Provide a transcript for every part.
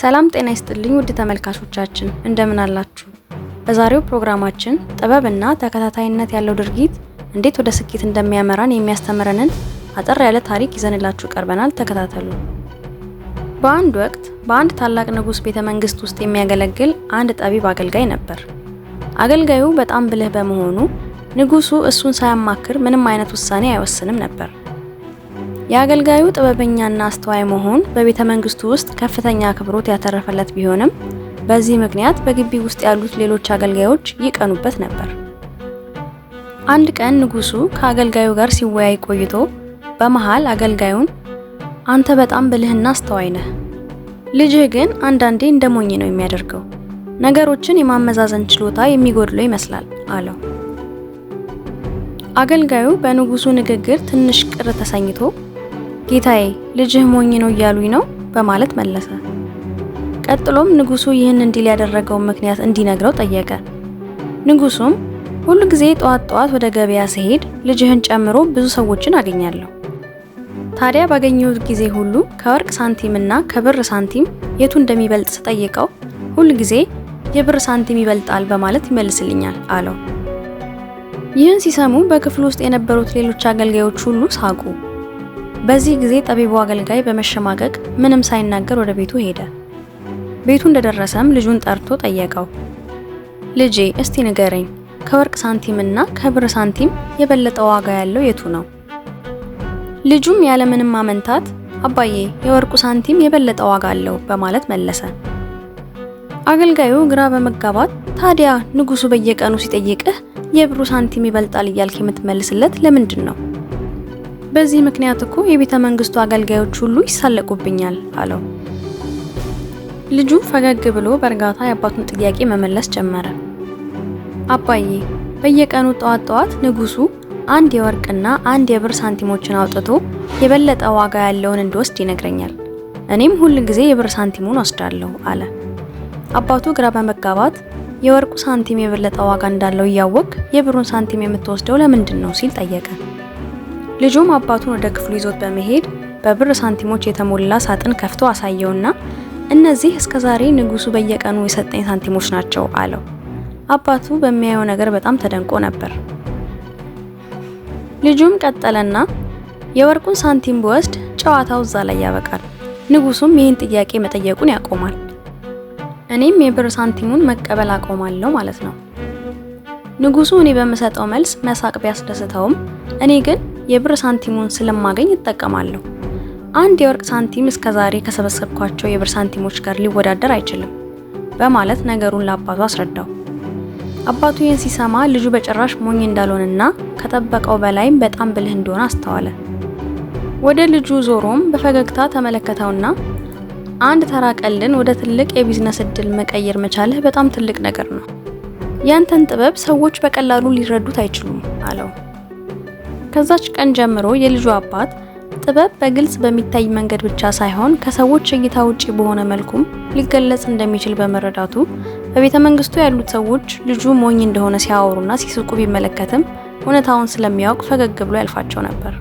ሰላም ጤና ይስጥልኝ ውድ ተመልካቾቻችን እንደምን አላችሁ? በዛሬው ፕሮግራማችን ጥበብና ተከታታይነት ያለው ድርጊት እንዴት ወደ ስኬት እንደሚያመራን የሚያስተምረንን አጠር ያለ ታሪክ ይዘንላችሁ ቀርበናል። ተከታተሉ። በአንድ ወቅት በአንድ ታላቅ ንጉሥ ቤተ መንግስት ውስጥ የሚያገለግል አንድ ጠቢብ አገልጋይ ነበር። አገልጋዩ በጣም ብልህ በመሆኑ ንጉሱ እሱን ሳያማክር ምንም አይነት ውሳኔ አይወስንም ነበር። የአገልጋዩ ጥበበኛና አስተዋይ መሆን በቤተ መንግስቱ ውስጥ ከፍተኛ አክብሮት ያተረፈለት ቢሆንም በዚህ ምክንያት በግቢ ውስጥ ያሉት ሌሎች አገልጋዮች ይቀኑበት ነበር። አንድ ቀን ንጉሱ ከአገልጋዩ ጋር ሲወያይ ቆይቶ በመሃል አገልጋዩን አንተ በጣም ብልህና አስተዋይ ነህ፣ ልጅህ ግን አንዳንዴ እንደ ሞኝ ነው የሚያደርገው፣ ነገሮችን የማመዛዘን ችሎታ የሚጎድለው ይመስላል አለው። አገልጋዩ በንጉሱ ንግግር ትንሽ ቅር ተሰኝቶ ጌታዬ ልጅህ ሞኝ ነው እያሉኝ ነው በማለት መለሰ። ቀጥሎም ንጉሱ ይህን እንዲል ያደረገውን ምክንያት እንዲነግረው ጠየቀ። ንጉሱም ሁሉ ጊዜ ጠዋት ጠዋት ወደ ገበያ ስሄድ ልጅህን ጨምሮ ብዙ ሰዎችን አገኛለሁ። ታዲያ ባገኘሁት ጊዜ ሁሉ ከወርቅ ሳንቲምና ከብር ሳንቲም የቱ እንደሚበልጥ ስጠይቀው ሁል ጊዜ የብር ሳንቲም ይበልጣል በማለት ይመልስልኛል አለው። ይህን ሲሰሙ በክፍሉ ውስጥ የነበሩት ሌሎች አገልጋዮች ሁሉ ሳቁ። በዚህ ጊዜ ጠቢቡ አገልጋይ በመሸማቀቅ ምንም ሳይናገር ወደ ቤቱ ሄደ። ቤቱ እንደደረሰም ልጁን ጠርቶ ጠየቀው። ልጄ እስቲ ንገረኝ፣ ከወርቅ ሳንቲም እና ከብር ሳንቲም የበለጠ ዋጋ ያለው የቱ ነው? ልጁም ምንም ማመንታት አባዬ የወርቁ ሳንቲም የበለጠ ዋጋ አለው በማለት መለሰ። አገልጋዩ ግራ በመጋባት ታዲያ ንጉሱ በየቀኑ ሲጠይቅህ የብሩ ሳንቲም ይበልጣል እያልክ የምትመልስለት ለምንድን ነው? በዚህ ምክንያት እኮ የቤተ መንግስቱ አገልጋዮች ሁሉ ይሳለቁብኛል አለው። ልጁ ፈገግ ብሎ በእርጋታ የአባቱን ጥያቄ መመለስ ጀመረ። አባዬ በየቀኑ ጠዋት ጠዋት ንጉሱ አንድ የወርቅና አንድ የብር ሳንቲሞችን አውጥቶ የበለጠ ዋጋ ያለውን እንድወስድ ይነግረኛል። እኔም ሁል ጊዜ የብር ሳንቲሙን ወስዳለሁ አለ። አባቱ ግራ በመጋባት የወርቁ ሳንቲም የበለጠ ዋጋ እንዳለው እያወቅ የብሩን ሳንቲም የምትወስደው ለምንድን ነው ሲል ጠየቀ። ልጁም አባቱን ወደ ክፍሉ ይዞት በመሄድ በብር ሳንቲሞች የተሞላ ሳጥን ከፍቶ አሳየውና እነዚህ እስከ ዛሬ ንጉሱ በየቀኑ የሰጠኝ ሳንቲሞች ናቸው አለው። አባቱ በሚያየው ነገር በጣም ተደንቆ ነበር። ልጁም ቀጠለና የወርቁን ሳንቲም ብወስድ ጨዋታው እዛ ላይ ያበቃል። ንጉሱም ይህን ጥያቄ መጠየቁን ያቆማል። እኔም የብር ሳንቲሙን መቀበል አቆማለሁ ማለት ነው። ንጉሱ እኔ በምሰጠው መልስ መሳቅ ቢያስደስተውም እኔ ግን የብር ሳንቲሙን ስለማገኝ እጠቀማለሁ። አንድ የወርቅ ሳንቲም እስከዛሬ ከሰበሰብኳቸው የብር ሳንቲሞች ጋር ሊወዳደር አይችልም በማለት ነገሩን ለአባቱ አስረዳው። አባቱ ይህን ሲሰማ ልጁ በጭራሽ ሞኝ እንዳልሆነና ከጠበቀው በላይም በጣም ብልህ እንደሆነ አስተዋለ። ወደ ልጁ ዞሮም በፈገግታ ተመለከተውና አንድ ተራ ቀልድን ወደ ትልቅ የቢዝነስ እድል መቀየር መቻልህ በጣም ትልቅ ነገር ነው። ያንተን ጥበብ ሰዎች በቀላሉ ሊረዱት አይችሉም አለው። ከዛች ቀን ጀምሮ የልጁ አባት ጥበብ በግልጽ በሚታይ መንገድ ብቻ ሳይሆን ከሰዎች እይታ ውጪ በሆነ መልኩም ሊገለጽ እንደሚችል በመረዳቱ በቤተ መንግስቱ ያሉት ሰዎች ልጁ ሞኝ እንደሆነ ሲያወሩና ሲስቁ ቢመለከትም እውነታውን ስለሚያውቅ ፈገግ ብሎ ያልፋቸው ነበር።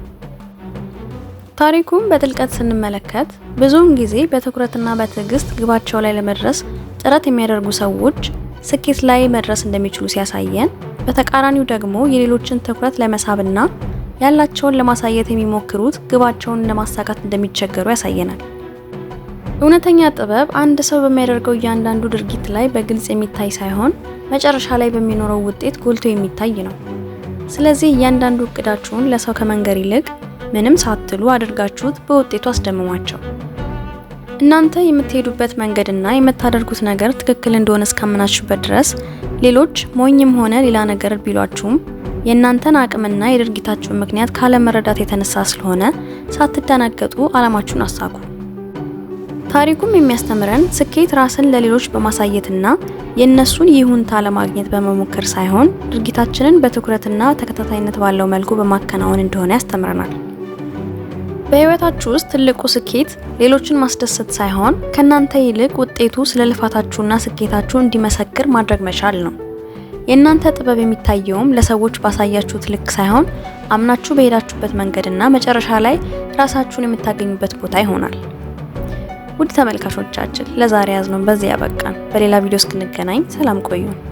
ታሪኩም በጥልቀት ስንመለከት ብዙውን ጊዜ በትኩረትና በትዕግስት ግባቸው ላይ ለመድረስ ጥረት የሚያደርጉ ሰዎች ስኬት ላይ መድረስ እንደሚችሉ ሲያሳየን፣ በተቃራኒው ደግሞ የሌሎችን ትኩረት ለመሳብና ያላቸውን ለማሳየት የሚሞክሩት ግባቸውን ለማሳካት እንደሚቸገሩ ያሳየናል። እውነተኛ ጥበብ አንድ ሰው በሚያደርገው እያንዳንዱ ድርጊት ላይ በግልጽ የሚታይ ሳይሆን መጨረሻ ላይ በሚኖረው ውጤት ጎልቶ የሚታይ ነው። ስለዚህ እያንዳንዱ እቅዳችሁን ለሰው ከመንገር ይልቅ ምንም ሳትሉ አድርጋችሁት በውጤቱ አስደምሟቸው። እናንተ የምትሄዱበት መንገድና የምታደርጉት ነገር ትክክል እንደሆነ እስካመናችሁበት ድረስ ሌሎች ሞኝም ሆነ ሌላ ነገር ቢሏችሁም የእናንተን አቅምና የድርጊታችሁን ምክንያት ካለመረዳት የተነሳ ስለሆነ ሳትደናገጡ አላማችሁን አሳኩ። ታሪኩም የሚያስተምረን ስኬት ራስን ለሌሎች በማሳየትና የእነሱን ይሁንታ ለማግኘት በመሞከር ሳይሆን ድርጊታችንን በትኩረትና ተከታታይነት ባለው መልኩ በማከናወን እንደሆነ ያስተምረናል። በህይወታችሁ ውስጥ ትልቁ ስኬት ሌሎችን ማስደሰት ሳይሆን ከእናንተ ይልቅ ውጤቱ ስለ ልፋታችሁና ስኬታችሁ እንዲመሰክር ማድረግ መቻል ነው። የእናንተ ጥበብ የሚታየውም ለሰዎች ባሳያችሁት ልክ ሳይሆን አምናችሁ በሄዳችሁበት መንገድና መጨረሻ ላይ ራሳችሁን የምታገኙበት ቦታ ይሆናል። ውድ ተመልካቾቻችን ለዛሬ ያዝነውን በዚህ ያበቃን። በሌላ ቪዲዮ እስክንገናኝ ሰላም ቆዩን።